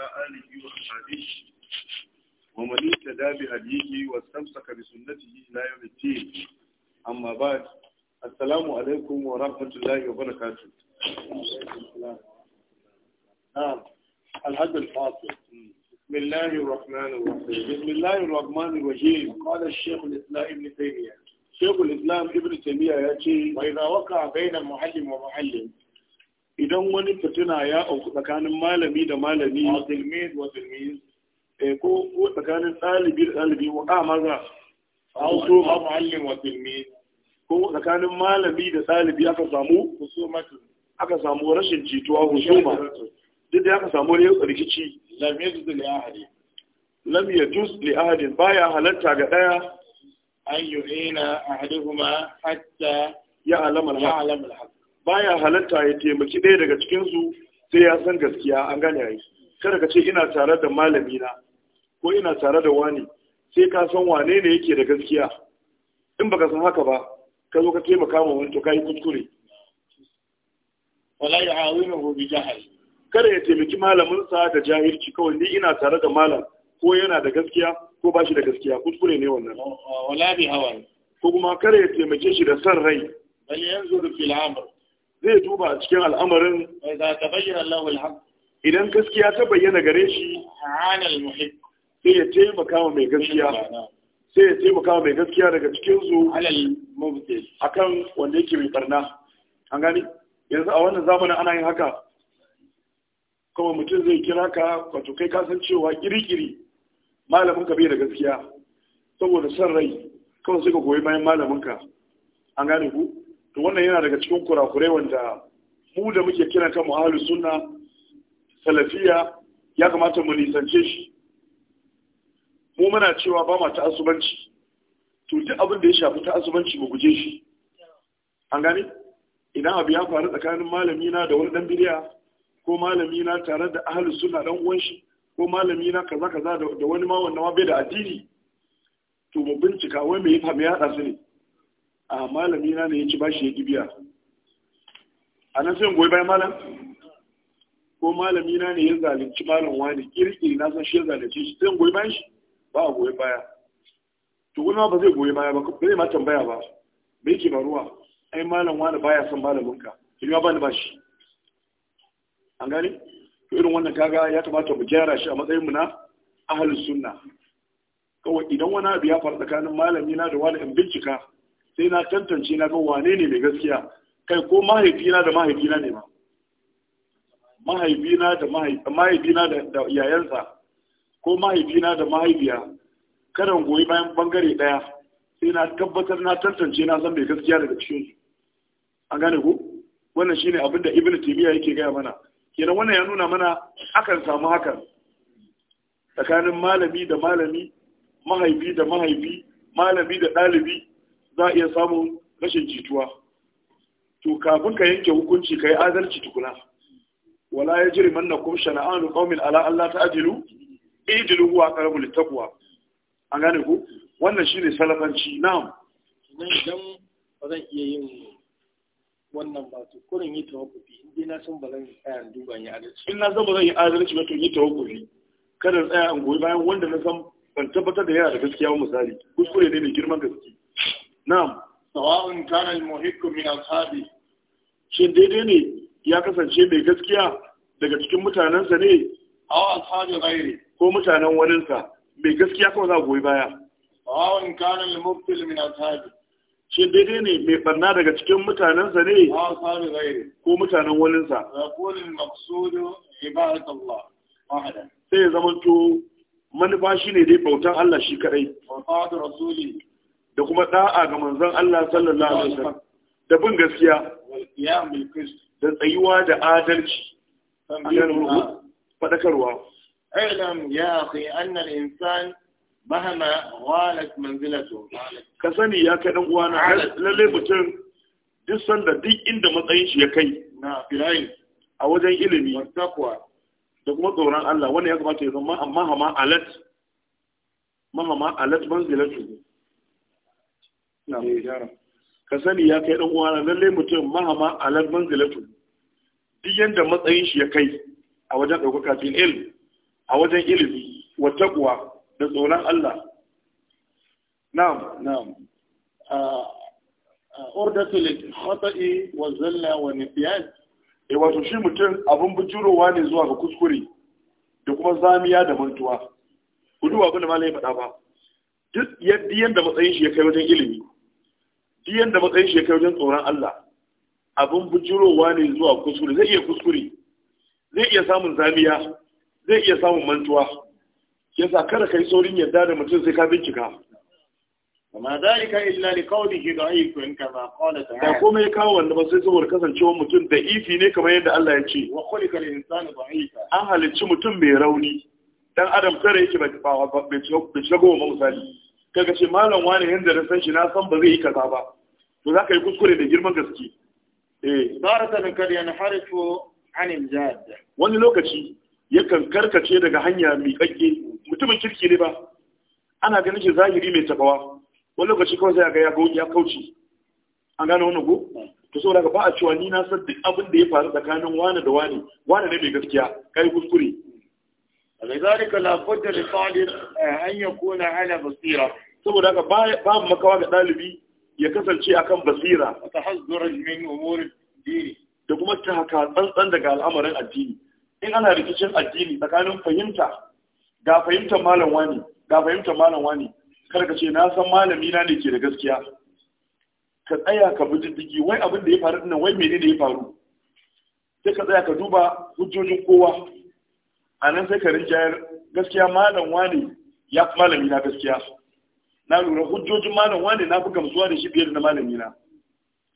آله وصحبه ومن اهتدى بهديه واستمسك بسنته إلى يوم الدين أما بعد السلام عليكم ورحمة الله وبركاته نعم الحد الفاصل بسم الله الرحمن الرحيم بسم الله الرحمن الرحيم قال الشيخ الإسلام ابن تيمية شيخ الإسلام ابن تيمية يأتي وإذا وقع بين المعلم ومعلم idan wani fitina ya auku tsakanin malami da malami eh, ko ko tsakanin ɗalibi da ɗalibi wa a maza auto ma wa tilmiz ko tsakanin malami da ɗalibi aka samu aka samu rashin jituwa husuma duk da aka samu rikici lam yajuz li ahadin lam yajuz li Ba baya halatta ga daya an yu'ina ahaduhuma hatta ya al haka. baya halatta ya taimaki ɗaya daga cikinsu sai ya san gaskiya an gane yi. kada ka ce ina tare da malami na ko ina tare da wani sai ka san wane ne yake da gaskiya in baka san haka ba ka zo ka taimaka ma wani to kai kuskure wala ya ya'awinuhu bi jahl kada ya taimaki malamin sa da jahilci kawai ni ina tare da malam ko yana da gaskiya ko ba shi da gaskiya kuskure ne wannan wala bi hawa ko kuma kada ya taimake shi da san rai bal yanzu fil amr zai duba cikin al'amarin idan gaskiya ta bayyana gare shi sai ya taimaka wa mai gaskiya sai ya taimaka wa mai gaskiya daga cikinsu a kan wanda yake mai barna an gani yanzu a wannan zamanin ana yin haka kuma mutum zai kira ka wato kai kasancewa kirikiri malamin ka bai da gaskiya saboda son rai kawai sai ka goyi bayan malamin ka an gane ku to wannan yana daga cikin kurakurai wanda mu da muke kiran kanmu ahlus sunna salafiya ya kamata mu nisance shi mu muna cewa ba ma ta'assubanci to duk abin da ya shafi ta'assubanci mu guje shi an gane idan abu ya faru tsakanin malami na da wani dan bidiya ko malami tare da ahlus sunna dan uwan shi ko malami kaza kaza da wani ma wannan ma bai da addini to mu bincika wai me ya fami ya hada su ne a malami na ne ya ci bashi ya kibiya a nan sai goyi bayan malam ko malami na ne ya zalunci malam wani kirkiri na san shi ya zalunci shi sai goyi bayan shi ba a goyi baya to wani ba zai goyi baya ba ba zai ma tambaya ba me yake ruwa ai malam wani baya son malaminka kin ba ni bashi an gani? to irin wannan kaga ya kamata mu gyara shi a matsayin mu na ahlus sunna kawai idan wani abu ya faru tsakanin malami na da wani in bincika sai na tantance na ga wane ne mai gaskiya kai ko mahaifina da mahaifina ne ba mahaifina da mahaifina da yayansa ko mahaifina da mahaifiya karan goyi bayan bangare daya sai na tabbatar na tantance na san mai gaskiya daga cikin su an gane ku wannan shine abin da ibnu taymiya yake gaya mana kenan wannan ya nuna mana akan samu hakan tsakanin malami da malami mahaifi da mahaifi malami da ɗalibi za a iya samun rashin jituwa to kafin ka yanke hukunci ka yi adalci tukuna wala ya jiri manna kuma shana'anu ƙaumin ala Allah ta'dilu idilu huwa aqrabu littakuwa an gane ku wannan shi salafanci na'am nan idan ba zan iya yin wannan ba to kurin yi tawakkufi in na san ba zan tsaya in duba ni adalci in na san ba zan yi adalci ba to yi tawakufi kada tsaya in goyi bayan wanda na san ban tabbatar da yana da gaskiya misali kuskure ne mai girman gaske na'am sawa'un kana al-muhiqqu min ashabi shin daidai ne ya kasance mai gaskiya daga cikin mutanensa ne aw ashabi ghairi ko mutanen waninsa mai gaskiya kawai za goyi baya sawa'un kana al-mubtil min ashabi shin daidai ne mai barna daga cikin mutanensa ne aw ashabi ghairi ko mutanen waninsa yaqulu al-maqsud ibadatullah wahadan sai ya zamanto manufa shine dai bautan Allah shi kadai wa qadu rasuli da kuma da'a ga manzon Allah sallallahu alaihi wasallam da bin gaskiya da tsayuwa da adalci fadakarwa ilam ya akhi anna al-insan mahama ghalat manzilatu ka sani ya kai dan uwana lalle mutum duk sanda duk inda matsayin shi ya kai na filayi a wajen ilimi da kuma tsoron Allah wannan ya kamata ya zama amma hama alat mahama alat manzilatu ka sani ya kai dan uwana lalle mutum mahama alal manzilatu duk yanda matsayin shi ya kai a wajen ɗaukaka fil ilm a wajen ilimi wa taqwa da tsoron Allah na'am na'am ordatu lil khata'i wa zalla wa nifyan eh wato shi mutum abun bujurowa ne zuwa ga kuskure da kuma zamiya da mantuwa ku duba abin da malai faɗa ba duk yadda matsayin shi ya kai wajen ilimi duk da matsayin shekaru wajen tsoron Allah abin bujirowa ne zuwa kuskure zai iya kuskure zai iya samun zamiya zai iya samun mantuwa yasa kada kai saurin yadda da mutum sai ka bincika amma zalika illa li qawlihi da'ifun kama qala ta'ala da kuma ya kawo wanda ba sai saboda kasancewar mutum da ifi ne kamar yadda Allah ya ce an halicci mutum mai rauni dan adam tare yake ba ba ba ba ba kaga ce malam wani yanda na san shi na san ba zai yi kaza ba to za ka yi kuskure da girman gaske eh taratan kad yanharifu anil jad wani lokaci yakan karkace daga hanya mai kakke mutumin kirki ne ba ana ganin shi zahiri mai tabawa wani lokaci kawai sai ga ya ya kauce an gane wannan go to saboda ba a cewa ni na san duk abin da ya faru tsakanin wani da wani wani ne mai gaskiya kai kuskure لذلك لا بد للطالب أن يكون على basira. saboda haka ba makawa ga ɗalibi ya kasance akan basira da kuma ta haka tsantsan daga al'amarin addini in ana rikicin addini tsakanin fahimta ga fahimtar malam wani ga fahimtar malam wani kar ka ce na san malami na ne ke da gaskiya ka tsaya ka bi diddigi wai abin da ya faru dinnan wai menene ya faru sai ka tsaya ka duba hujjojin kowa a nan sai ka rinjayar gaskiya malam wani ya fi malami na gaskiya na lura hujjojin malam wani na fi gamsuwa da shi fiye da na malami na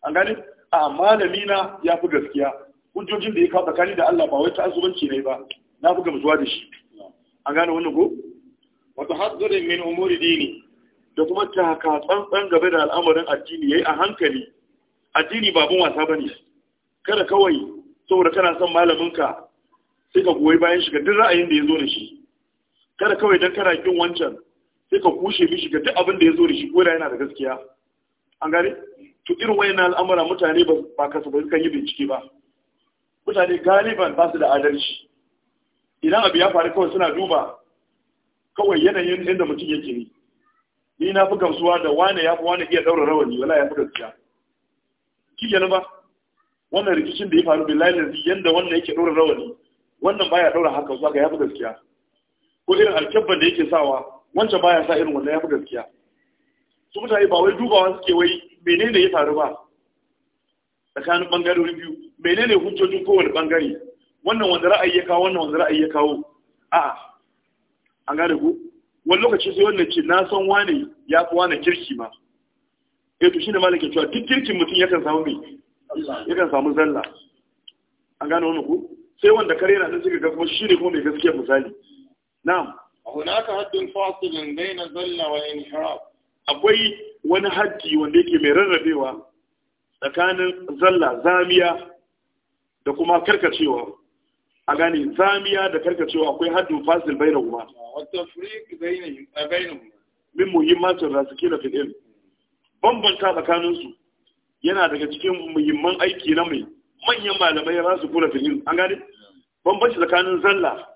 an gani a malami na ya fi gaskiya hujjojin da ya kawo tsakani da Allah ba wai ta azubanci ne ba na fi gamsuwa da shi an gane wannan ko wata tahaddurin min umuri dini da kuma taka tsantsan gaba da al'amarin addini yayi a hankali addini ba bin wasa bane kada kawai saboda kana son malaminka sai ka goyi bayan shi ga duk ra'ayin da ya zo da shi kada kawai dan kana kin wancan sai ka kushe mishi ga duk abin da ya zo da shi ko yana da gaskiya an gane to irin wayannan al'amura mutane ba kasu ba kan yi bincike ba mutane galiban ba su da adalci idan abu ya faru kawai suna duba kawai yanayin inda mutum yake ni ni na fi gamsuwa da wane ya fi wane iya daura rawani wala ya fi gaskiya ki gani ba wannan rikicin da ya faru billahi lazi yanda wannan yake daura rawani wannan baya daura haka zuwa ga ya fi gaskiya ko irin alkyabban da yake sawa wancan baya sa irin wannan ya fi gaskiya su mutane ba wai dubawa suke wai menene ya faru ba tsakanin bangarori biyu menene hujjojin kowane bangare wannan wanda ra'ayi ya kawo wannan wanda ra'ayi ya kawo a'a an gane ku wani lokaci sai wannan ce na san wane ya fi wane kirki ma E, to shine malaka cewa duk kirkin mutum yakan samu mai yakan samu zalla an gane wannan ku sai wanda kare na nan suka ga kuma shi ne kuma mai gaskiya misali na'am hunaka haddun akwai wani haddi wanda yake mai rarrabewa tsakanin zalla zamiya da kuma karkacewa a gane zamiya da karkacewa akwai haddun fasil baina kuma wata frik baina min muhimmancin rasikina fil ilm bambanta tsakaninsu yana daga cikin muhimman aiki na mai manyan malamai rasikuna fil ilm an gane bambanci tsakanin zalla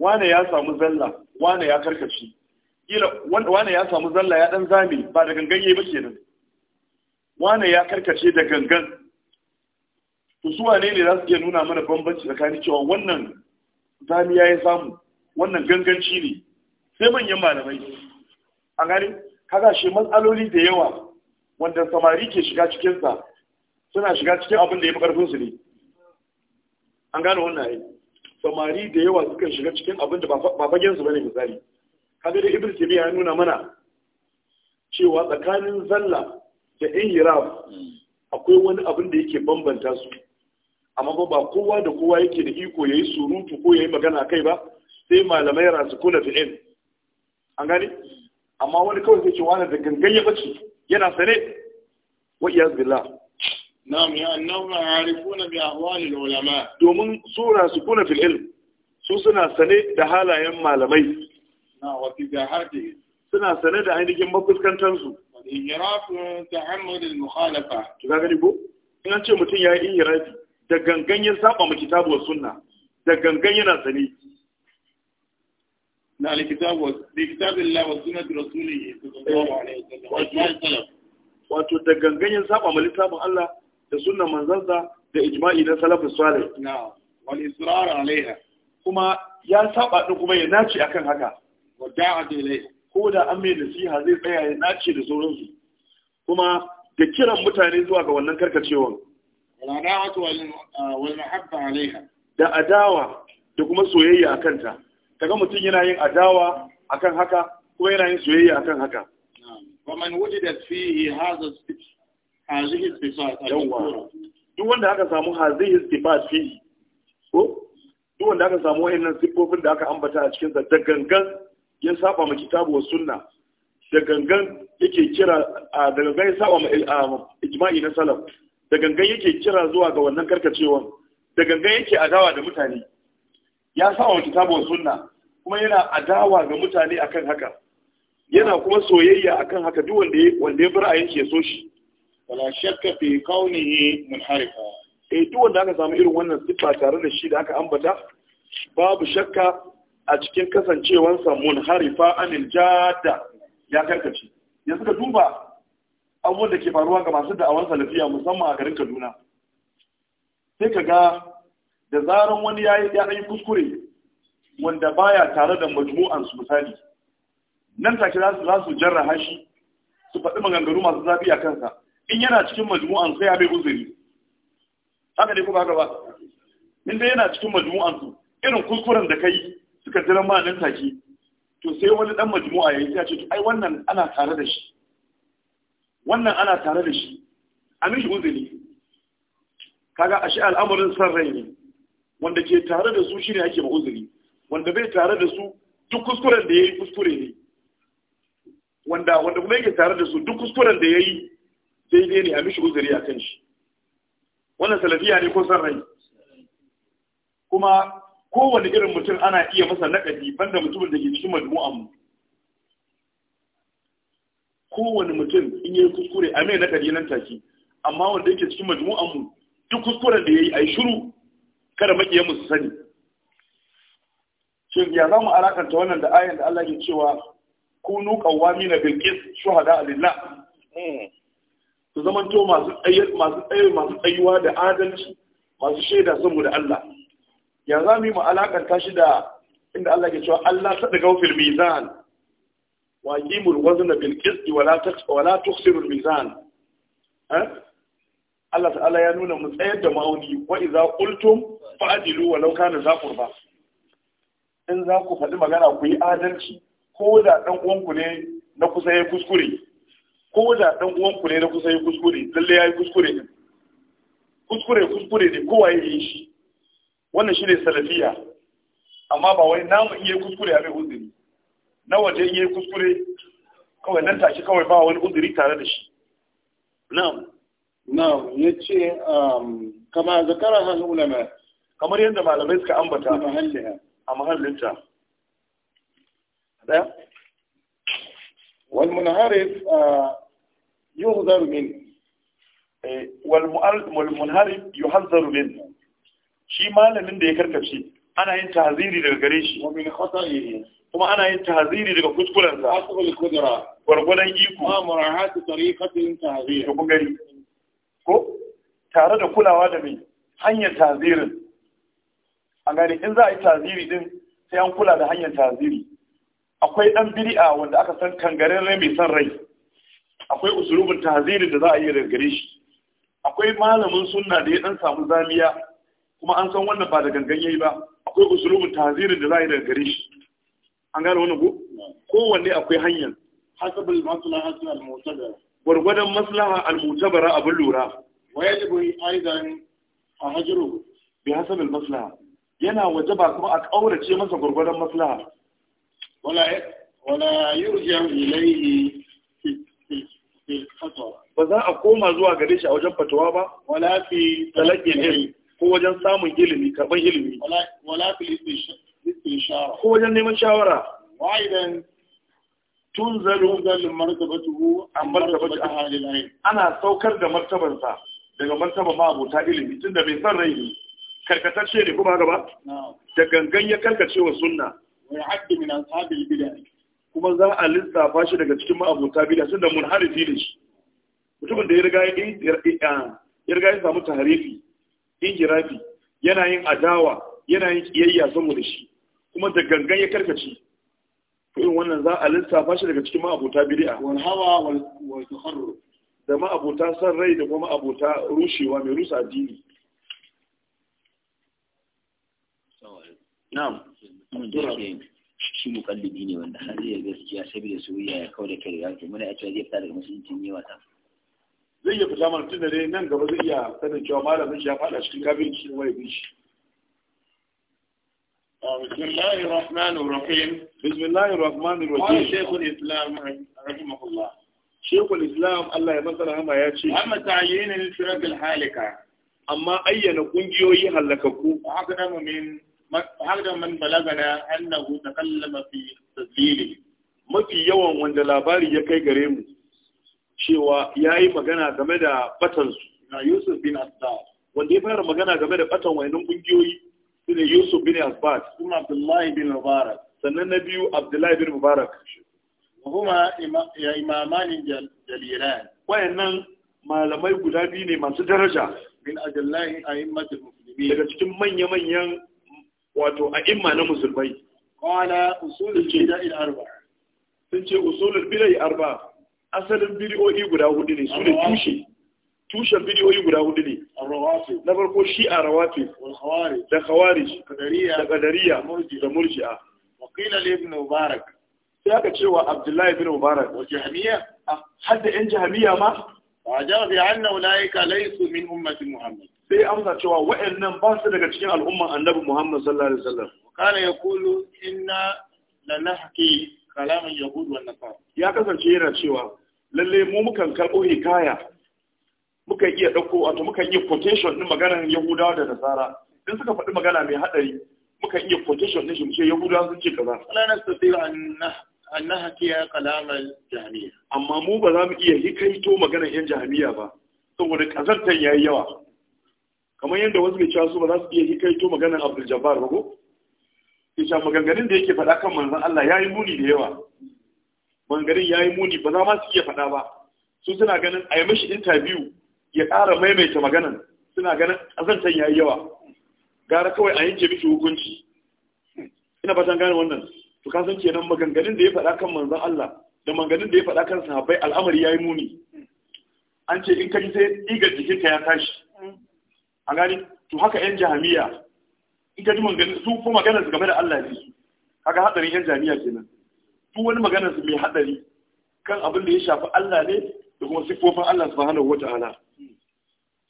wane ya samu zalla wane ya karkace kila wane ya samu zalla ya dan zame ba da gangan yayi ba kenan wane ya karkace da gangan to su wane ne za su iya nuna mana bambanci tsakanin cewa wannan zami ya samu wannan ganganci ne sai manyan malamai a gani kaga shi matsaloli da yawa wanda samari ke shiga cikinsa suna shiga cikin abin da ya fi su ne an gane wannan ne samari da yawa sukan shiga cikin abin da ba fagensu ba ne misali kaga da ibn tabiya ya nuna mana cewa tsakanin zalla da inhiraf akwai wani abin da yake bambanta su amma ba ba kowa da kowa yake da iko yayi surutu ko yayi magana kai ba sai malamai rasu kula fi'il an gane amma wani kawai zai ce wani da gangan ya bace yana sane wa iyaz billah نعم لأنهم عارفون بأهوال العلماء دومن سورة سكون في العلم سوسنا سنة دهالا يما لمي نعم وتزاهاته سنة سنة ده عندي جنب بس كان تنسو الانحراف تعمد المخالفة كذا غني بو إن أنت متين يا إنحرافي da gangan ya saba mu kitabu wa sunna da gangan yana sani na alkitab wa kitab Allah wa sunnat rasulih sallallahu alaihi wasallam wato da gangan ya saba mu littafin Allah da sunan manzansa da ijma'i na salafin salih na'am wani israr alaiha kuma ya saba ɗin kuma ya nace akan haka Wadda a ilai ko da an mai nasiha zai tsaya ya nace da sauransu kuma da kiran mutane zuwa ga wannan karkacewar. wal adawatu wani ah, mahabba alaiha da adawa da kuma soyayya a ta kaga mutum yana yin adawa akan haka kuma yana yin soyayya akan haka wa man wujida fihi hadha hazihi sifat yawa duk wanda aka samu hazihi sifat fi ko duk wanda aka samu wayannan sifofin da aka ambata a cikin sa da gangan ya saba ma kitabu wa sunna da gangan yake kira da gangan ya saba ma ijma'i na salaf da gangan yake kira zuwa ga wannan karkacewan da gangan yake adawa da mutane ya saba ma kitabu wa sunna kuma yana adawa ga mutane akan haka yana kuma soyayya akan haka duk wanda ya wanda ya bar a yanke so shi wala shakka fi kaunihi munharifa eh duk wanda aka samu irin wannan sifa tare da shi da aka ambata babu shakka a cikin sa munharifa anil jadda ya karkace Ya suka duba abubuwan da ke faruwa ga masu awan salafiya musamman a garin Kaduna sai ka ga da zaran wani ya yi kuskure wanda baya tare da majmu'an su misali nan take za su jarraha shi su faɗi maganganu masu zafi a kansa in yana cikin majmu'an sai ya bai uzuri haka ne, kuma haka ba in dai yana cikin majmu'an su irin kuskuren da kai suka jira ma nan take to sai wani dan majmu'a yayi sai ya ce ai wannan ana tare da shi wannan ana tare da shi a mishi uzuri kaga ashe al'amarin san rai ne wanda ke tare da su shine yake ba uzuri wanda bai tare da su duk kuskuren da yayi kuskure ne wanda wanda kuma yake tare da su duk kuskuren da yayi daidai ne a mishi uzuri a kan shi wannan salafiya ne ko san rai kuma kowane irin mutum ana iya masa naƙadi banda mutumin da ke cikin majmu'an mu kowane mutum in yi kuskure a mai naƙadi nan take amma wanda yake cikin majmu'an mu duk kuskuren da yayi ai shiru kada makiyan mu su sani shin ya zamu alakanta wannan da ayan da Allah ke cewa kunu qawwamina bil qist shuhada lillah hmm. su zamanto masu tsaye masu tsayuwa da adalci masu shaida saboda Allah ya za mu yi alakanta shi da inda Allah ke cewa Allah ta daga fil mizan wa qimul wazna bil qisti wa la taqs wa la tukhsiru al mizan eh? Allah ta'ala ya nuna mu tsayar da ma'auni wa idza qultum fa'dilu walau kana za qurba in za ku faɗi magana ku yi adalci ko da ɗan uwanku ne na kusa ya kuskure ko da dan uwan ku ne na kusa yi kuskure lalle yayi kuskure ne kuskure kuskure ne kowa ya yi shi wannan shi ne salafiya amma ba wai namu iya kuskure a mai uzuri na waje iya kuskure kawai nan tashi kawai ba wani uzuri tare da shi na'am na'am yace um kama zakara hal ulama kamar yadda malamai suka ambata a mahallinta daya wal munharif uh, يحذر منه والمنهرب يحذر منه shi malamin da ya karkace ana yin tahziri daga gare shi kuma ana yin tahziri daga kuskuren sa asbul iko ma murahatu ko tare da kulawa da mai hanyar tahzirin an gane in za a yi tahziri din sai an kula da hanyar tahziri akwai dan bid'a wanda aka san kangarin rai mai son rai akwai usulubin tahziri da za a yi daga gare shi akwai malamin sunna da ya dan samu zamiya kuma an san wannan ba da gangan yayi ba akwai usulubin tahziri da za a yi daga gare shi an gane wannan ko kowanne akwai hanyar hasabul maslaha al mutabara gurgudan maslaha al mutabara abin lura wa yajibu aidan a hajru bi hasabul maslaha yana wajaba kuma a kaurace masa gurgudan maslaha wala wala yurja ilayhi ba za a koma zuwa gare shi a wajen fatawa ba wala fi talaqil ilmi ko wajen samun ilimi karban ilimi wala fi istishara ko wajen neman shawara wa idan tunzalu zal martabatuhu am martabatu ahli ilm ana saukar da martabarsa daga martaba ma abota ilimi tunda bai san rai ne karkatacce ne kuma haka ba da gangan ya karkace wa sunna wa ya'addu min ashabil bid'ah kuma za a lissafa shi daga cikin ma'abota bid'a tunda munharifi ne shi mutumin da ya riga ya riga samu taharifi injirafi yana yin adawa yana yin kiyayya da shi kuma da gangan ya karkace kuma wannan za a lissafa shi daga cikin ma'abota bid'a wal hawa wal taharrur da ma'abuta san rai da kuma ma'abota rushewa mai rusa addini na'am shi mukallabi ne wanda har zai gaskiya saboda soyayya ya kawo da kai ya ce muna yace zai fita daga musulunci ne wata zai iya fita mana tunda dai nan gaba zai iya sanin cewa malamin shi ya fada cikin kafirci wai bin shi بسم الله الرحمن الرحيم بسم الله الرحمن الرحيم قال شيخ الإسلام رحمه الله شيخ الإسلام الله يمثل هما يا شيخ أما تعيين الفرق الحالكة أما أين قنجيوي هلككو أقدم من har man balagana annahu takallama fi tadlili mafi yawan wanda labari ya kai gare mu cewa yayi magana game da batan su na Yusuf bin Asbad wanda ya fara magana game da batan wayannan kungiyoyi shine Yusuf bin Asbad kuma Abdullahi bin Mubarak sannan na biyu Abdullahi bin Mubarak kuma ya imamanin jalilan wayannan malamai guda biyu ne masu daraja min ajallahi a'immatul muslimin daga cikin manya-manyan wato a imma na musulmai qala jida bid'ah arba sun ce usulul bid'ah arba asalin bidiyoyi guda hudu ne su ne tushe tushen bidiyoyi guda hudu ne na farko shi a rawafi da khawari da kadariya da murji'a wakila ibn mubarak sai aka cewa abdullahi ibn mubarak wa jahmiya hadda yan jahmiya ma wa jaza bi laika ulaika laysu min ummati muhammad sai ya amsa cewa wa'annan ba su daga cikin al'umman annabi Muhammad sallallahu alaihi wasallam kana kulu inna la nahki kalam yahud wa nasara ya kasance yana cewa lalle mu mukan karbo hikaya muka iya dauko wato muka iya quotation din maganar yahudawa da nasara in suka faɗi magana mai hadari muka iya quotation din shi muke yahudawa sun ce kaza la nastati'u anna annaha nahki kalam kalamar jahmiya amma mu ba za mu iya hikaito maganar yan jahmiya ba saboda kazantan yayi yawa kamar yadda wasu mai cewa su ba za su iya to maganar Abdul Jabbar ba ko cewa maganganun da yake faɗa kan manzan Allah ya yi muni da yawa maganganun yi muni ba za ma su iya faɗa ba su suna ganin a yi mishi interview ya ƙara maimaita maganan suna ganin azantan yayi yawa gara kawai a yanke mishi hukunci ina fatan gane wannan to ka san kenan maganganun da ya faɗa kan manzan Allah da maganganun da ya faɗa kan sahabbai al'amari ya yi muni an ce in ka yi sai igar jikinka ya tashi a gani to haka yan jahamiya in ka ji maganar su ko maganar su game da Allah ne su kaga hadarin yan jahamiya kenan su wani maganar su mai hadari kan abin da ya shafi Allah ne da kuma siffofin Allah subhanahu wata'ala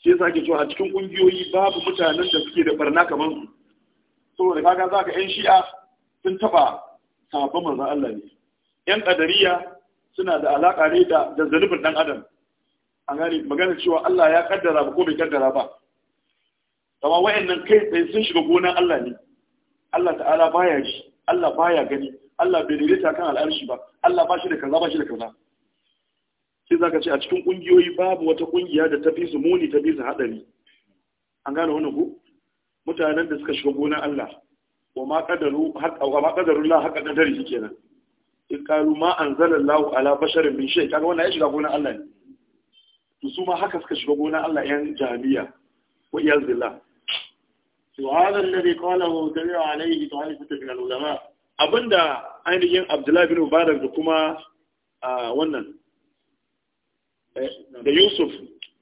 shi yasa ke cewa a cikin kungiyoyi babu mutanen da suke da barna kamar su saboda kaga zaka yan shi'a sun taba sahabban manzon Allah ne yan qadariya suna da alaka ne da da zalibin dan adam an gani maganar cewa Allah ya kaddara ba ko bai kaddara ba kama nan kai tsaye sun shiga gonan Allah ne Allah ta'ala baya ji Allah baya gani Allah bai daidaita kan al'arshi ba Allah ba shi da kaza ba shi da kaza sai zaka ce a cikin kungiyoyi babu wata kungiya da ta fi su muni tafi su hadari an gane wannan ku mutanen da suka shiga gonan Allah wa ma qadaru haqa wa ma qadaru la haqa qadari kenan in qalu ma anzalallahu ala basharin min shay kaga wannan ya shiga gonan Allah ne to su ma haka suka shiga gonan Allah yan Jami'a wa iyaz billah to hada alladhi qalahu tabi'a alayhi ta'ifatu min al-ulama abinda ainihin Abdullahi bin Mubarak da kuma wannan eh, da Yusuf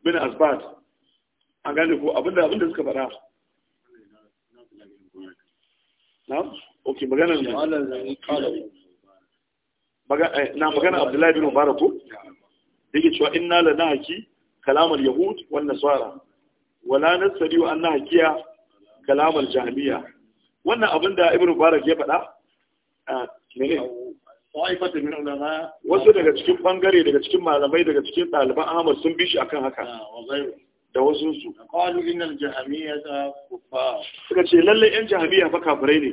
bin Asbat an gane ko abinda abinda suka fara na'am okay eh, na magana Abdullahi bin Mubarak ko yake cewa inna lanahki kalamar yahud wan nasara wala nasri wa annahiya kalamar jami'a wannan abin da ibn barak ya faɗa wasu daga cikin bangare daga cikin malamai daga cikin ɗaliban ahmad sun bi shi akan haka ah, da wasu su suka ce lalle yan jami'a fa kafirai ne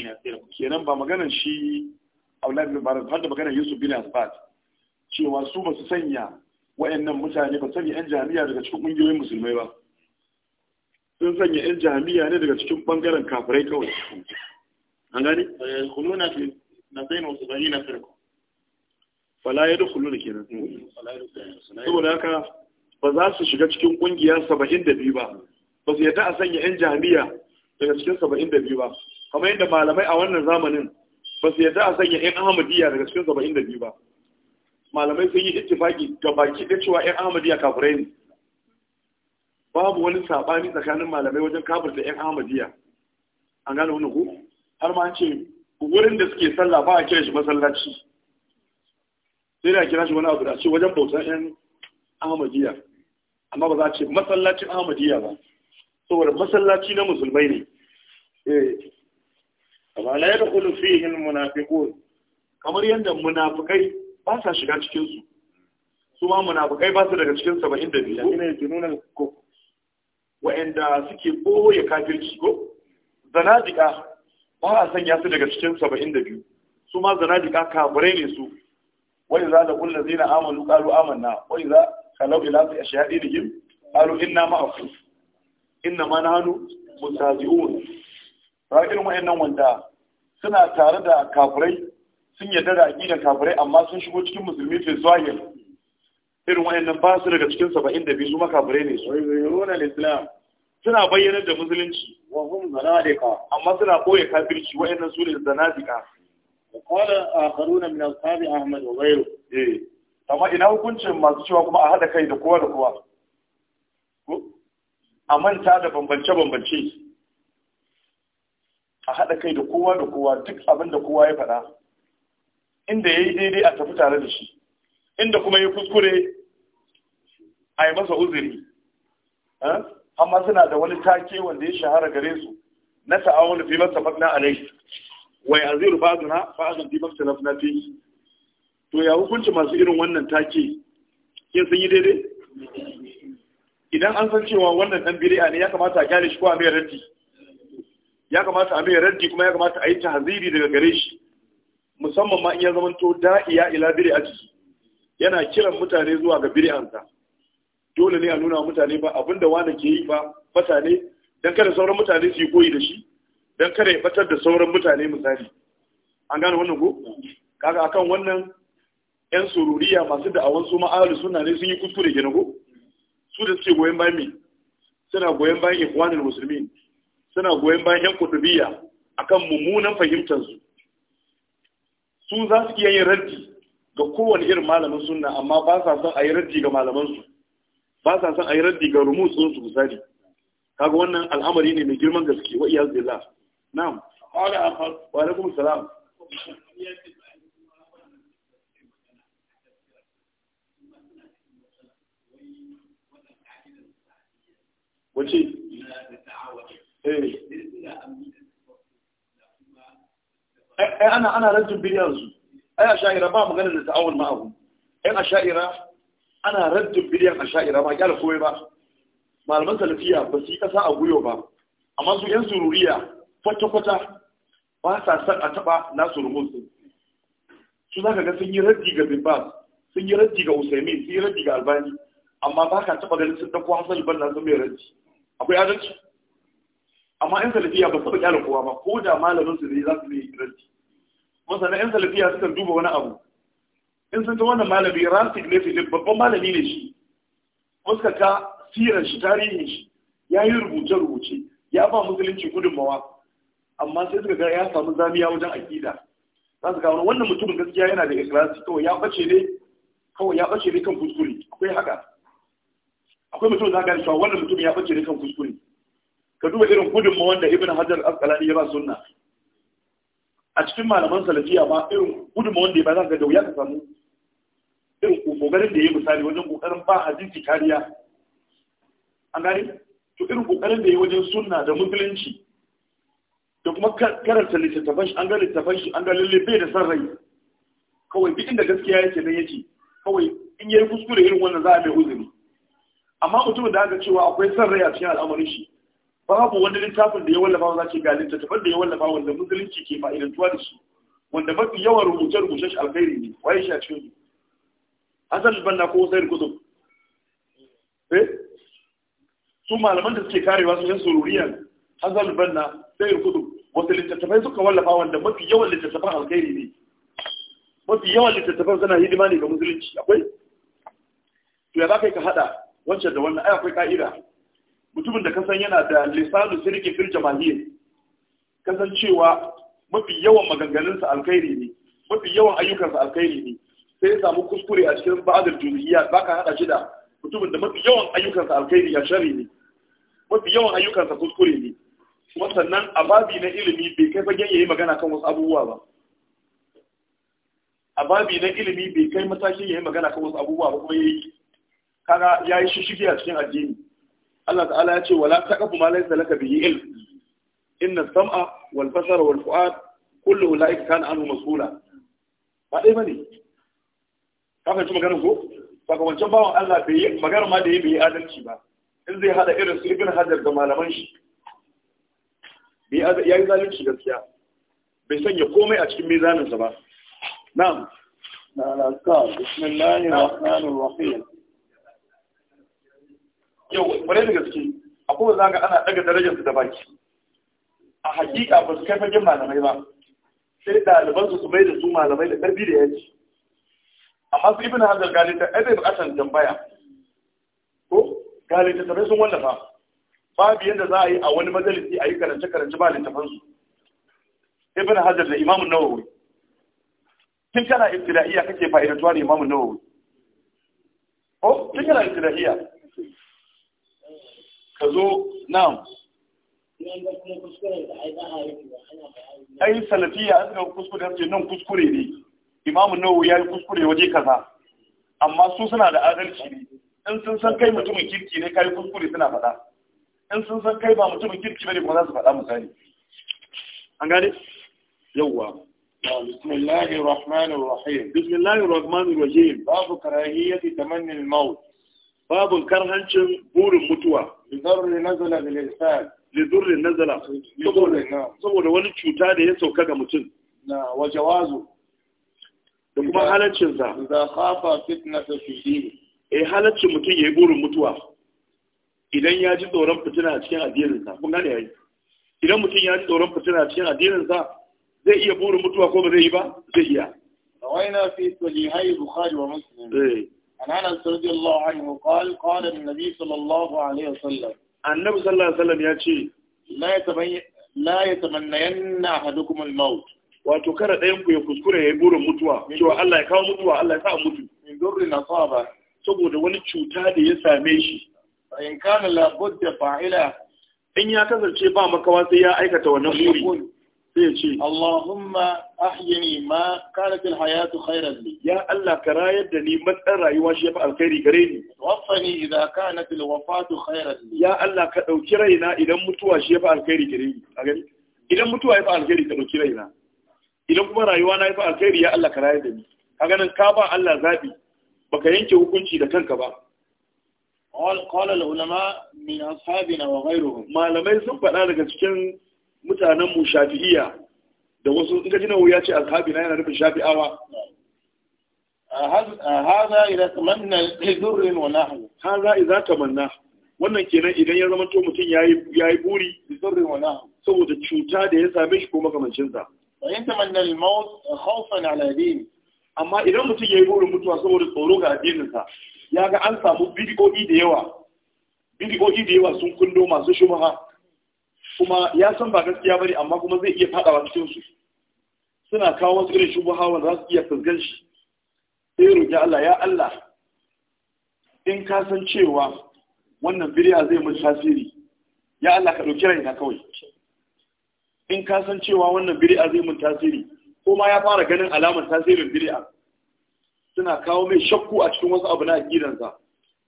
ba kenan ba maganar shi aulad bin barak har da maganar yusuf bin asbat cewa su ba su sanya wayannan mutane ba sanya yan jami'a daga cikin ƙungiyoyin musulmai ba sun sanya yan jami'a ne daga cikin ɓangaren kafirai kawai an gani kuluna fi na zai na usbani na firko fala ya kulu da kenan saboda haka ba za su shiga cikin ƙungiya saba'in da biyu ba ba su yadda a sanya yan jami'a daga cikin saba'in da biyu ba kamar yadda malamai a wannan zamanin ba su yadda a sanya yan ahmadiyya daga cikin saba'in da biyu ba malamai sun yi ittifaki ga baki da cewa ƴan ahmadiyya kafirai ne babu wani sabani tsakanin malamai wajen kafirta ƴan ahmadiyya an gane wani ku har ma an ce wurin da suke sallah ba a kira shi masallaci sai da kira shi wani abu da ce wajen bautan ƴan ahmadiyya amma ba za a ce masallacin ahmadiyya ba saboda masallaci na musulmai ne eh amma la yadkhulu fihi al-munafiqun kamar yadda munafikai ba sa shiga cikinsu su ma munafukai ba su daga cikin saba'in da biyu ina jununan ko wa'anda suke boye kafirci ko zanadika ba a sanya su daga cikin saba'in da biyu su ma zanadika kafirai ne su wani za da kulla zina amalu kalu amanna wani za kalau ila su ashiya ɗinigin kalu inna ma'afu inna ma na hannu mutazi'un ra'ayin wa'annan wanda suna tare da kafirai sun yarda da aƙidan kafirai amma sun shigo cikin musulmi fi zahir irin wayannan ba su daga cikin saba'in da biyu makafirai ne su yuruna islam suna bayyanar da musulunci wa hum zanadiqa amma suna boye kafirci wayannan su ne a وقال آخرون من Ahmad أحمد وغيره إيه amma ina hukuncin masu cewa kuma a haɗa kai da kowa da kowa a manta da bambance-bambance a haɗa kai da kowa da kowa duk abin da kowa ya faɗa inda ya yi daidai a tafi tare da shi inda kuma ya kuskure a yi masa uzuri eh? amma suna da wani take wanda ya shahara gare su na ta'awun fi masa a alai wai a rufa zuna fa'adun fi masa na fina fi to ya hukunci masu irin wannan take yin sun yi daidai idan an san cewa wannan dan bid'a ne ya kamata a gyara shi ko a mai raddi ya kamata a mai raddi kuma ya kamata a yi tahziri daga gare shi musamman ma in ya zama to da'iya ila a ciki, yana kiran mutane zuwa ga bid'ansa dole ne a nuna mutane ba abinda wani ke yi ba bata ne dan kada sauran mutane su yi koyi da shi dan kada ya batar da sauran mutane misali an gane wannan ko kaga akan wannan yan sururiya masu da'awan su ma'alu suna ne sun yi kuskure gina ko su da suke goyon bayan me suna goyon bayan ikwanin Musulmi. suna goyon bayan yan kutubiyya akan mummunan fahimtar su su za su iya yin raddi ga kowane irin malamin sunna amma ba sa son a yi raddi ga malamansu ba sa son a yi raddi ga sun su misali kaga wannan al'amari ne mai girman gaske wa iya zai na'am wa alaikum salam wace eh Eh, ana ana rajin bidiyar su ai a sha'ira ba maganar da ta'awun abu. ai a sha'ira ana rajin bidiyar a sha'ira ba kyala koyi ba malaman salafiya ba su yi kasa a guyo ba amma su yan sururiya kwata-kwata ba sa san a taɓa nasu rumunsu su za ka ga sun yi raddi ga bin sun yi raddi ga usaimi sun yi raddi ga albani amma ba ka taɓa ganin sun ɗauko hasan ban na sun mai raddi akwai adalci amma yan salafiya ba su kyale kowa ba ko da malamin su ne za su yi ranci mun sanar in salafiya sukan duba wani abu in sun ta wannan malami rasik ne filip babban malami ne shi suka ta siran shi tarihin shi ya yi rubuce-rubuce ya ba musulunci gudunmawa amma sai suka ga ya samu zamiya wajen akida za su kawo wannan mutumin gaskiya yana da ikhlasi kawai ya bace ne kawai ya bace ne kan kuskure akwai haka akwai mutum za ka gani cewa wannan mutum ya bace ne kan kuskure ka duba irin gudunmu wanda ibn hajar asqalani ya ba sunna a cikin malaman salafiya ma irin gudunmu wanda ya ba za ka da wuya ka samu irin kokarin da ya misali wajen kokarin ba hadisi kariya an gani to irin kokarin da ya wajen sunna da musulunci da kuma karanta littattafan shi an ga littattafan shi an ga lalle da san rai kawai bikin da gaskiya yake nan yake kawai in yayi kuskure irin wannan za a mai uzuri amma mutumin da aka cewa akwai san rai a cikin al'amarin shi babu wani littafin da ya wallafa za ce ga littattafan da ya wallafa wanda musulunci ke fa'idantuwa da su wanda mafi yawan rubuce rubuce shi alkhairi ne waye shi a cikin su hasan banna ko sai kutub eh? su malaman da suke karewa su yan sururiya hasan banna sai kutub wasu littattafai suka wallafa wanda mafi yawan littattafan alkhairi ne mafi yawan littattafan suna hidima ne ga musulunci akwai to ya za ka yi ka haɗa wancan da wannan ai akwai ka'ida mutumin da kasan yana da lisanu sirki fil kasan kasancewa mafi yawan maganganunsa alkhairi ne mafi yawan ayyukansa alkhairi ne sai ya samu kuskure a cikin ba'adar Ba baka hada shi da mutumin da mafi yawan ayyukansa alkhairi ya shari ne mafi yawan ayyukansa kuskure ne kuma sannan a babi na ilimi bai kai fagen yayi magana kan wasu abubuwa ba a babi na ilimi bai kai matakin yayi magana kan wasu abubuwa ba kuma yayi kaga yayi shishige a cikin addini Allah ta'ala ya ce wala taqfu ma laysa laka bihi ilm inna sam'a wal basara wal fu'ad kullu ulaika kana anhu mas'ula ba dai bane ka fahimci maganar ko baka wancan bawan Allah bai yi magana ma da yi bai adalci ba in zai hada irin su ibn hajar da malaman shi bai ya yi zalunci gaskiya bai sanya komai a cikin mizaninsa ba na'am na alaka bismillahir rahmanir rahim yau kwarai da gaske akwai za ga ana daga darajar su da baki a hakika ba su kai fagen malamai ba sai ɗaliban su su mai da su malamai da ƙarfi da yaji amma su ibn hazar galita ai bai buƙatar tambaya ko galita tabai sun wallafa babu yadda za a yi a wani majalisi a yi karance karance ba littafan su ibn hazar da imamun nawawi tun kana ibtida'iyya kake fa'idantuwa da imamun nawawi ko tun kana ibtida'iyya ka zo na'am ai salafiya an ga kuskure an ce nan kuskure ne imamu nawo ya yi kuskure waje kaza amma su suna da adalci ne in sun san kai mutumin kirki ne kai kuskure suna faɗa in sun san kai ba mutumin kirki bane kuma za su faɗa misali an gane yawwa بسم الله الرحمن الرحيم بسم الله الرحمن الرحيم باب كراهية تمني الموت باب karhancin burin mutuwa lidurri نزل saboda wani cuta da ya sauka ga mutum da kuma halaccin sa eh, halaccin mutum burin mutuwa idan ya ji tsoron fitina a cikin addininsa, kun gane yayi idan mutum ya ji tsoron fitina a cikin addininsa, zai iya burin mutuwa ko ba zai yi ba zai iya عن انس رضي الله عنه قال قال النبي صلى الله عليه وسلم النبي صلى الله عليه وسلم يا شيء لا يتمنى لا يتمنين احدكم الموت wato kada ɗayan ku ya kuskure ya yi burin mutuwa cewa Allah ya kawo mutuwa Allah ya sa mutu min durri nasaba saboda wani cuta da ya same shi in kana la budda fa'ila in ya kasance ba makawa sai ya aikata wannan buri sai ya ce Allahumma ahyini ma kanat alhayatu khairan li ya Allah ka rayar da ni matsan rayuwa shi ya yafi alkhairi gare ni tawaffani idza kanat alwafatu khairan li ya Allah ka dauki raina idan mutuwa shi ya yafi alkhairi gare ni idan mutuwa ya yafi alkhairi ka dauki raina idan kuma rayuwa na ya yafi alkhairi ya Allah ka rayar da ni kaga nan ka ba Allah zabi baka yanke hukunci da kanka ba قال قال العلماء من أصحابنا وغيرهم ما لم يسمى daga cikin mutanen mu shafi'iyya da wasu in ka ji nawo ya ce ashabi na yana nufin shafi'awa haza idza tamanna lidur wa nahwu haza idza tamanna wannan kenan idan ya zama to mutum yayi yayi buri lidur wa nahwu saboda cuta da ya same shi ko makamancin sa wa in tamanna al-maut khawfan ala din amma idan mutum yayi burin mutuwa saboda tsoro ga addinin sa ya ga an samu bidiyoyi da yawa bidiyoyi da yawa sun kundo masu shubha kuma ya san ba gaskiya bari amma kuma zai iya fada wa cikin su suna kawo wasu irin shubu hawa za su iya fuskan shi sai roƙi Allah ya Allah in ka san cewa wannan birya zai mun tasiri ya Allah ka ɗauki raina kawai in ka san cewa wannan birya zai mun tasiri ko ma ya fara ganin alamar tasirin birya suna kawo mai shakku a cikin wasu abu na aqidansa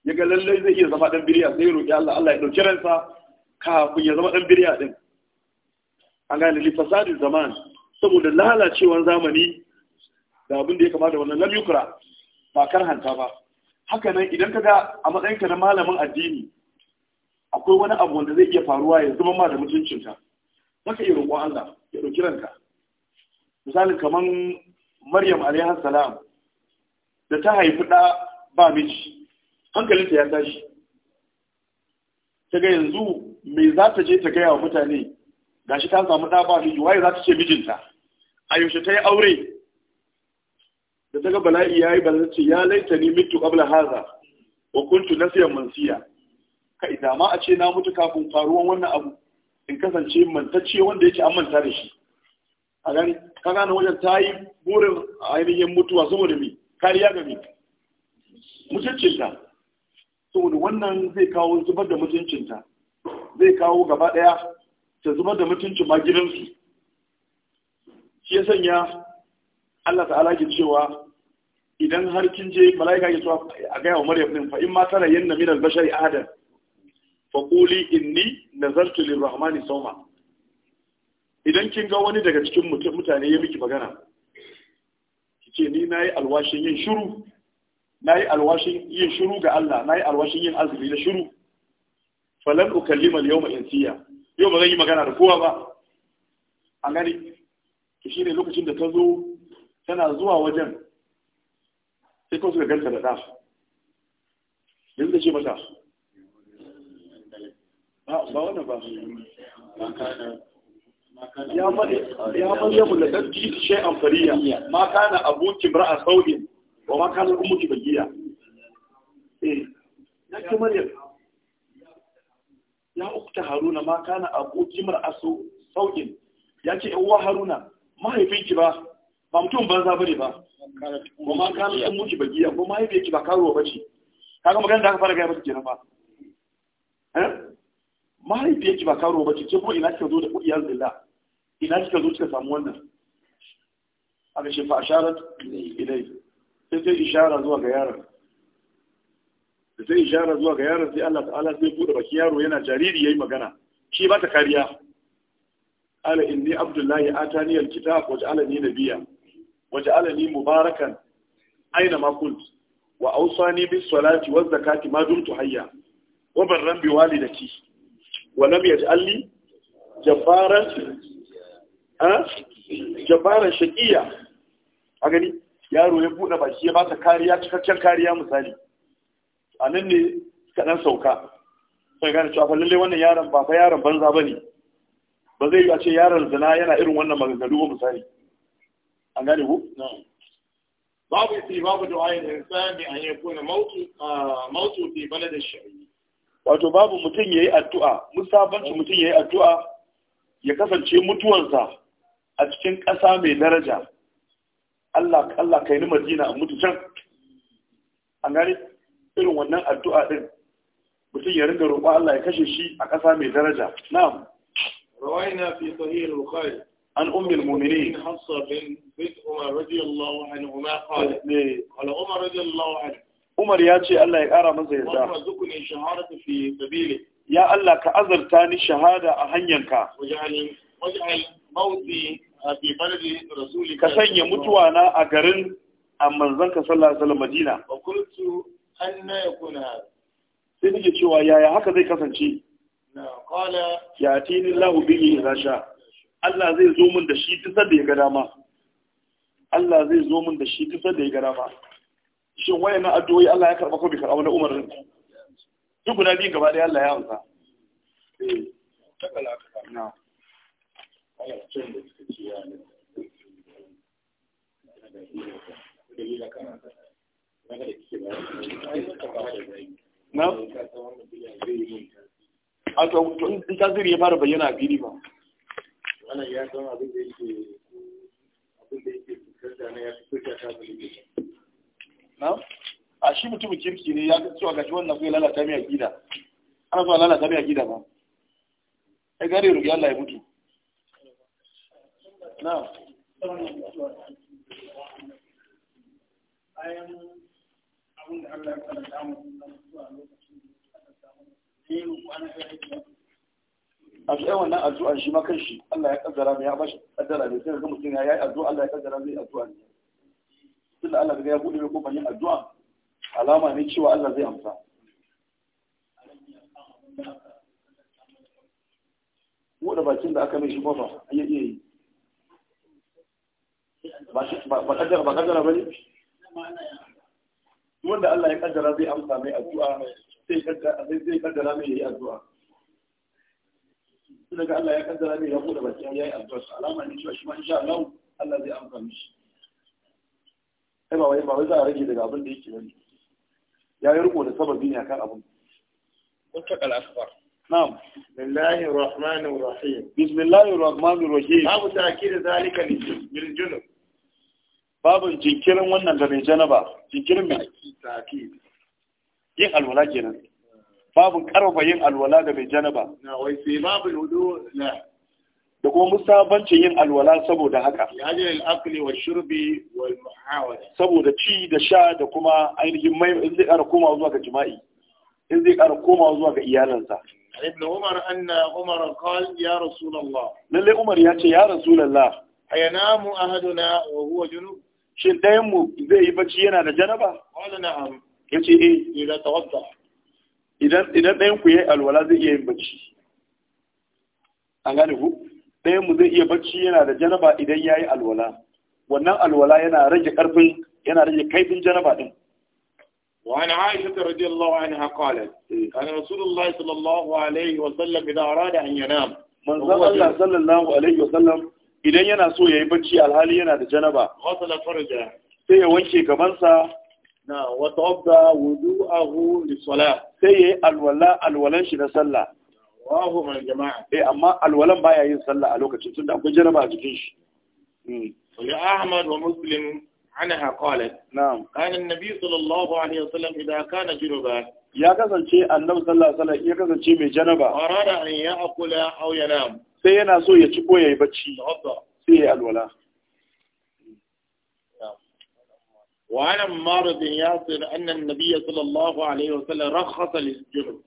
ya ga lallai zai iya zama dan birya sai roƙi Allah Allah ya ɗauki ransa kafin ya zama ɗan biriya ɗin an gane li zaman saboda lalacewar zamani da abin da ya kamata wannan lam yukra ba hanta ba haka nan idan ka ga a matsayinka na malamin addini akwai wani abu wanda zai iya faruwa ya zama ma da mutuncinka maka iya roƙon Allah ya ɗauki ranka misalin kamar Maryam alaihi salam da ta haifi ɗa ba miji hankalinta ya tashi ta ga yanzu me za ta je ta gaya wa mutane shi ta samu ɗa ba miji waye za ta ce mijinta a yaushe ta yi aure da ta ga bala'i ya yi bala'i ce ya laita ni mitu abla haza wa kuntu nasiyan mansiya ka idan ma a ce na mutu kafin faruwan wannan abu in kasance mantacce wanda yake an manta da shi a gani ka gane wajen ta yi burin ainihin mutuwa saboda me kariya ga me mutuncinta saboda wannan zai kawo zubar da mutuncinta zai kawo gaba ɗaya ta zubar da mutuncin ma gidansu shi ya sanya Allah ta'ala ki cewa idan har kin je malaika ya cewa a gaya wa maryam din fa in ma tara yanna min al-bashari ahadan fa quli inni nazartu lir-rahmani sawma idan kin ga wani daga cikin mutane ya miki magana ce ni nayi alwashin yin shiru nayi alwashin yin shiru ga Allah nayi alwashin yin azumi da shiru falan ukallima al-yawma insiya yau ba zan yi magana da kowa ba an gani to shine lokacin da ta zo tana zuwa wajen sai kawai suka ganta da ɗa yanzu da ce mata ba wannan ba ya mariya mu ladan jiki shai amfariya ma kana abokin ra'a sauɗin wa ma kana kuma ki bagiya eh ya mariya ya ukta haruna ma kana abu jimar aso saukin ya ce uwa haruna mahaifinki ba ba mutum za bane ba ba ma kana sun muki giya ko mahaifinki ba karuwa ce kaga magana da aka fara gaya mata kenan ba eh mahaifinki ba karuwa ba ce kuma ina kika zo da kudi zilla ina kika zo kika samu wannan ga shi fa asharat ilai sai ta isharar zuwa ga yaron da sai zuwa ga yaron sai Allah ta'ala sai bude baki yaro yana jariri yayi magana shi ba ta kariya ala inni abdullahi atani alkitab wa ja'alani nabiyya wa ja'alani mubarakan aina ma kunt wa awsani bis salati waz zakati ma dumtu hayya wa barran bi walidati wa lam yaj'alni jabbaran ha jabbaran shaqiya a gani yaro ya bude baki ya ba ta kariya cikakken kariya misali a nan ne suka ɗan sauka sai gane cewa lalle wannan yaron ba fa yaron banza ba ne ba zai yi a ce yaron zina yana irin wannan maganganu ba misali an gane ku babu isi babu du'ayin insan da an yakuna mautu mautu fi balad da sharii wato babu mutum yayi addu'a musabanci mutum yayi addu'a ya kasance mutuwansa a cikin ƙasa mai daraja Allah Allah kai ni Madina a mutu can an gane irin wannan addu'a din mutum ya rinda roƙo Allah ya kashe shi a ƙasa mai daraja na'am an ummi al umar radiyallahu anhuma qala qala ya ce Allah ya ƙara masa yarda ya Allah ka azarta ni shahada a hanyarka ka. ka sanya mutuwa na a garin a manzon ka sallallahu alaihi wasallam madina wa anna yakuna sai nake cewa yaya haka zai kasance na qala yatini Allahu bihi idza sha Allah zai zo min da shi duk da ya ga dama Allah zai zo min da shi duk da ya ga dama shin wayannan addu'o'i Allah ya karba ko bai karba na Umar duk guda biyu gaba ɗaya Allah ya amsa Thank you. na a to in tasiri ya fara bayyana a fili ba wannan ya san abin da yake ya fito ta na a shi mutumin kirki ne ya ga cewa gashi wannan zai lalata mai ba ai gare rubi Allah ya mutu na bayan abin Allah ya karanta mu zuwa lokacin da aka samu kwana da a shi wannan addu'a shi ma kanshi Allah ya kaddara mai ya bashi kaddara ne sai ga mutum ya yi addu'a Allah ya kaddara zai addu'a ne tunda Allah ga ya bude mai kofar yin addu'a alama ne cewa Allah zai amsa buɗe bakin da aka mai shi kofa an yi iya yi ba kaddara ba ne wanda Allah ya kaddara zai amsa mai addu'a sai zai kaddara mai yayi addu'a sai ga Allah ya kaddara mai ya da bakin ya yi addu'a alama ne cewa shi ma insha Allah Allah zai amsa mishi sai ba wai ba wai za a rage daga abin da yake bane ya yi riko da sababi ne akan abin mutakal asfar نعم بسم الله الرحمن الرحيم بسم الله الرحمن الرحيم باب تأكيد ذلك للجنب babu jinkirin wannan da mai janaba jinkirin mai yin alwala kenan babu karfa yin alwala da mai janaba Na na. wai sai da kuma musabancin yin alwala saboda haka Ya wa wa saboda ci da sha da kuma ainihin mai in zai ƙara komawa zuwa ga jima'i in zai ƙara komawa zuwa ga iyalansa ibn umar anna umar qal ya rasulullah lalle umar ya ce ya rasulullah ayanamu ahaduna wa huwa junub shin ɗayan mu zai yi bacci yana da janaba wala na'am yace eh idan tawadda idan idan ɗayan ku yayi alwala zai iya yin bacci an gane ku ɗayan mu zai iya bacci yana da janaba idan yayi alwala wannan alwala yana rage karfin yana rage kaifin janaba din Wa ana Aisha ta radiyallahu anha كان eh. Kana Rasulullah sallallahu alaihi wa sallam, idan arada an yanam. من Allah, sallallahu alaihi wa sallam. idan yana so ya yi bacci alhali yana da janaba sai ya wanke gabansa na wata obda wudu ahu lissola sai ya yi alwala alwalan shi na sallah wahu man jama'a eh amma alwalan baya yin sallah a lokacin tunda akwai janaba a jikin shi hmm. Wani ahmad wa muslim عنها قالت نعم كان النبي صلى الله عليه وسلم إذا كان جنبا يا كسنشي النبي صلى الله عليه وسلم يا كسنشي من جنبا أراد أن يأكل أو ينام sai yana so ya ci ko yi bacci sai ya yi alwala وعن عمار ياسر أن النبي صلى الله عليه وسلم رخص للجنب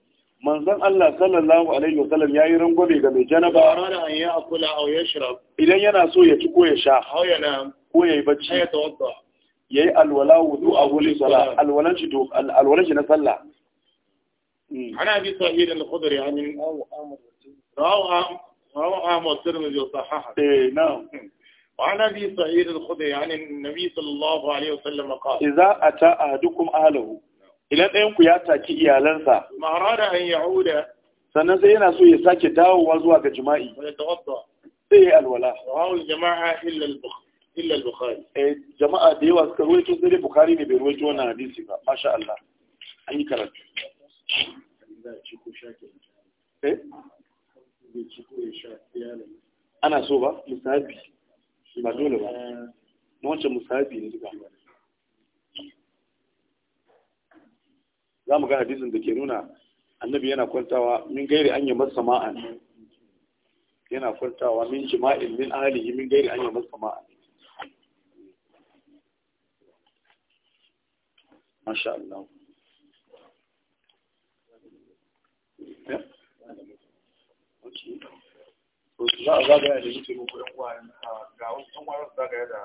من ذن الله صلى الله عليه وسلم يا يرن غبي ga mai janaba arada an ya idan yana so ya ci ko ya sha aw ya yi yayi alwala wudu a wuri sala alwalan na sallah ana رواه أحمد الترمذي وصححه إيه نعم وعن أبي سعيد الخدري عن النبي صلى الله عليه وسلم قال اتى أتى اهله الى إلى يا تاكي ايالنسا ما اراد ان يعود sannan sai yana so ya sake dawowa zuwa ga jima'i sai ya alwala jama'a illa al-bukhari eh jama'a da yawa suka ruwaito sai bukhari ne bai ruwaito wannan hadisi ba masha Allah an yi karatu ana so ba musabi ba dole ba na wancan musabi ne duka za mu ga hadisin da ke nuna annabi yana kwantawa min gairi an yi masa ma'an yana kwantawa min jima'in min alihi, min gairi an yi masa ma'an masha Allah Yeah. za a zagaya da wuce muku yan uwa ga wasu yan uwa zagaya da